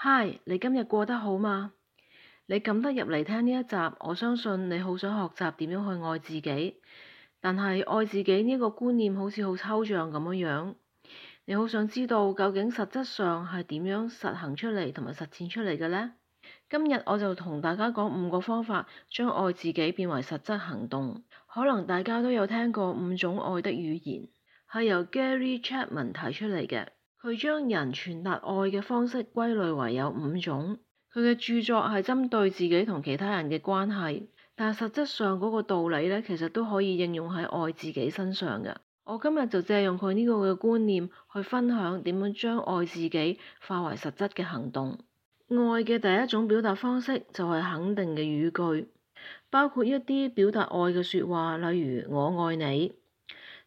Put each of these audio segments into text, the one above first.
嗨，Hi, 你今日過得好嗎？你敢得入嚟聽呢一集，我相信你好想學習點樣去愛自己。但係愛自己呢個觀念好似好抽象咁樣。你好想知道究竟實質上係點樣實行出嚟同埋實踐出嚟嘅呢？今日我就同大家講五個方法，將愛自己變為實質行動。可能大家都有聽過五種愛的語言，係由 Gary Chapman 提出嚟嘅。佢將人傳達愛嘅方式歸類為有五種。佢嘅著作係針對自己同其他人嘅關係，但實質上嗰個道理呢，其實都可以應用喺愛自己身上嘅。我今日就借用佢呢個嘅觀念去分享點樣將愛自己化為實質嘅行動。愛嘅第一種表達方式就係肯定嘅語句，包括一啲表達愛嘅說話，例如「我愛你」、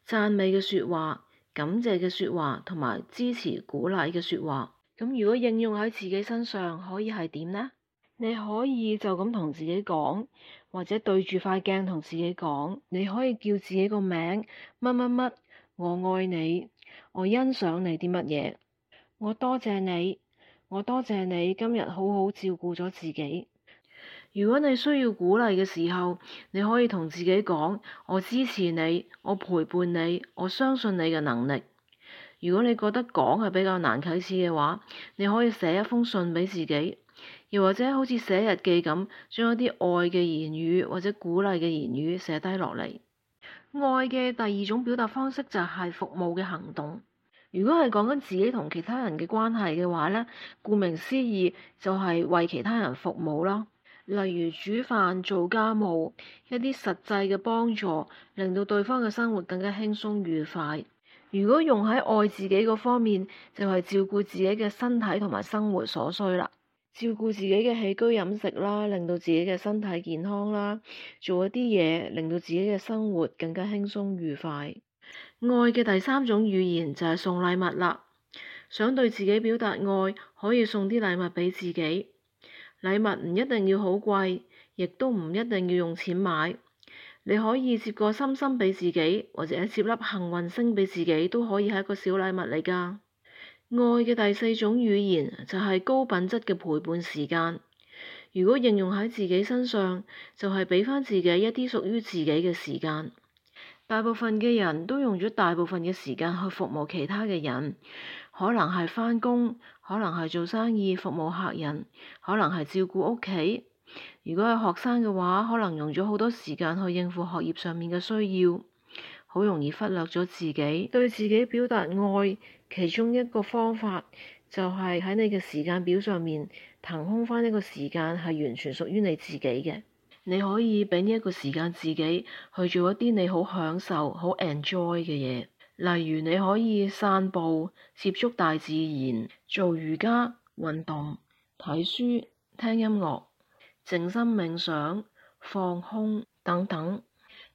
讚美嘅說話。感謝嘅說話同埋支持鼓勵嘅說話，咁如果應用喺自己身上，可以係點呢？你可以就咁同自己講，或者對住塊鏡同自己講，你可以叫自己個名，乜乜乜，我愛你，我欣賞你啲乜嘢，我多謝你，我多謝你今日好好照顧咗自己。如果你需要鼓勵嘅時候，你可以同自己講：我支持你，我陪伴你，我相信你嘅能力。如果你覺得講係比較難啟齒嘅話，你可以寫一封信俾自己，又或者好似寫日記咁，將一啲愛嘅言語或者鼓勵嘅言語寫低落嚟。愛嘅第二種表達方式就係服務嘅行動。如果係講緊自己同其他人嘅關係嘅話咧，顧名思義就係為其他人服務囉。例如煮飯、做家務，一啲實際嘅幫助，令到對方嘅生活更加輕鬆愉快。如果用喺愛自己嗰方面，就係照顧自己嘅身體同埋生活所需啦，照顧自己嘅起居飲食啦，令到自己嘅身體健康啦，做一啲嘢令到自己嘅生活更加輕鬆愉快。愛嘅第三種語言就係送禮物啦，想對自己表達愛，可以送啲禮物俾自己。禮物唔一定要好貴，亦都唔一定要用錢買。你可以摺個心心俾自己，或者摺粒幸運星俾自己，都可以係一個小禮物嚟㗎。愛嘅第四種語言就係高品質嘅陪伴時間。如果應用喺自己身上，就係俾返自己一啲屬於自己嘅時間。大部分嘅人都用咗大部分嘅時間去服務其他嘅人，可能係翻工，可能係做生意服務客人，可能係照顧屋企。如果係學生嘅話，可能用咗好多時間去應付學業上面嘅需要，好容易忽略咗自己。對自己表達愛，其中一個方法就係喺你嘅時間表上面騰空翻呢個時間，係完全屬於你自己嘅。你可以畀呢一個時間自己去做一啲你好享受、好 enjoy 嘅嘢，例如你可以散步、接觸大自然、做瑜伽、運動、睇書、聽音樂、靜心冥想、放空等等。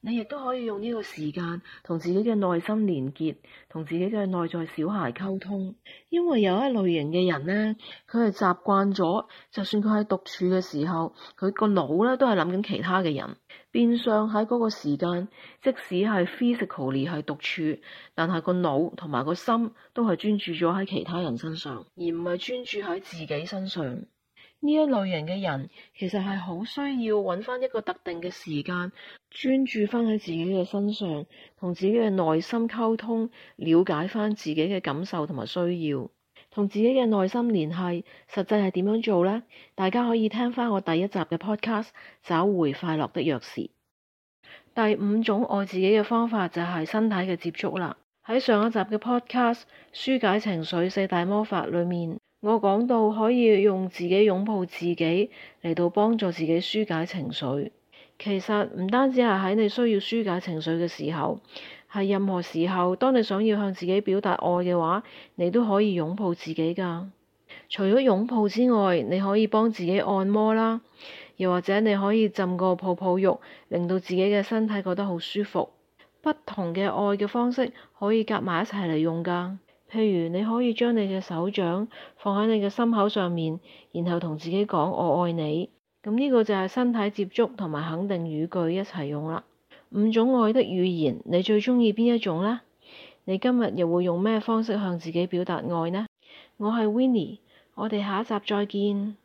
你亦都可以用呢個時間同自己嘅內心連結，同自己嘅內在小孩溝通。因為有一類型嘅人呢，佢係習慣咗，就算佢喺獨處嘅時候，佢個腦咧都係諗緊其他嘅人。變相喺嗰個時間，即使係 physically 係獨處，但係個腦同埋個心都係專注咗喺其他人身上，而唔係專注喺自己身上。呢一類型嘅人其實係好需要揾翻一個特定嘅時間，專注翻喺自己嘅身上，同自己嘅內心溝通，了解翻自己嘅感受同埋需要，同自己嘅內心聯繫。實際係點樣做呢？大家可以聽翻我第一集嘅 podcast《找回快樂的鑰匙》。第五種愛自己嘅方法就係身體嘅接觸啦。喺上一集嘅 podcast《疏解情緒四大魔法》裡面，我講到可以用自己擁抱自己嚟到幫助自己舒解情緒，其實唔單止係喺你需要舒解情緒嘅時候，係任何時候，當你想要向自己表達愛嘅話，你都可以擁抱自己㗎。除咗擁抱之外，你可以幫自己按摩啦，又或者你可以浸個泡泡浴，令到自己嘅身體覺得好舒服。不同嘅愛嘅方式可以夾埋一齊嚟用㗎。譬如你可以將你嘅手掌放喺你嘅心口上面，然後同自己講我愛你，咁呢個就係身體接觸同埋肯定語句一齊用啦。五種愛的語言，你最中意邊一種咧？你今日又會用咩方式向自己表達愛呢？我係 Winnie，我哋下一集再見。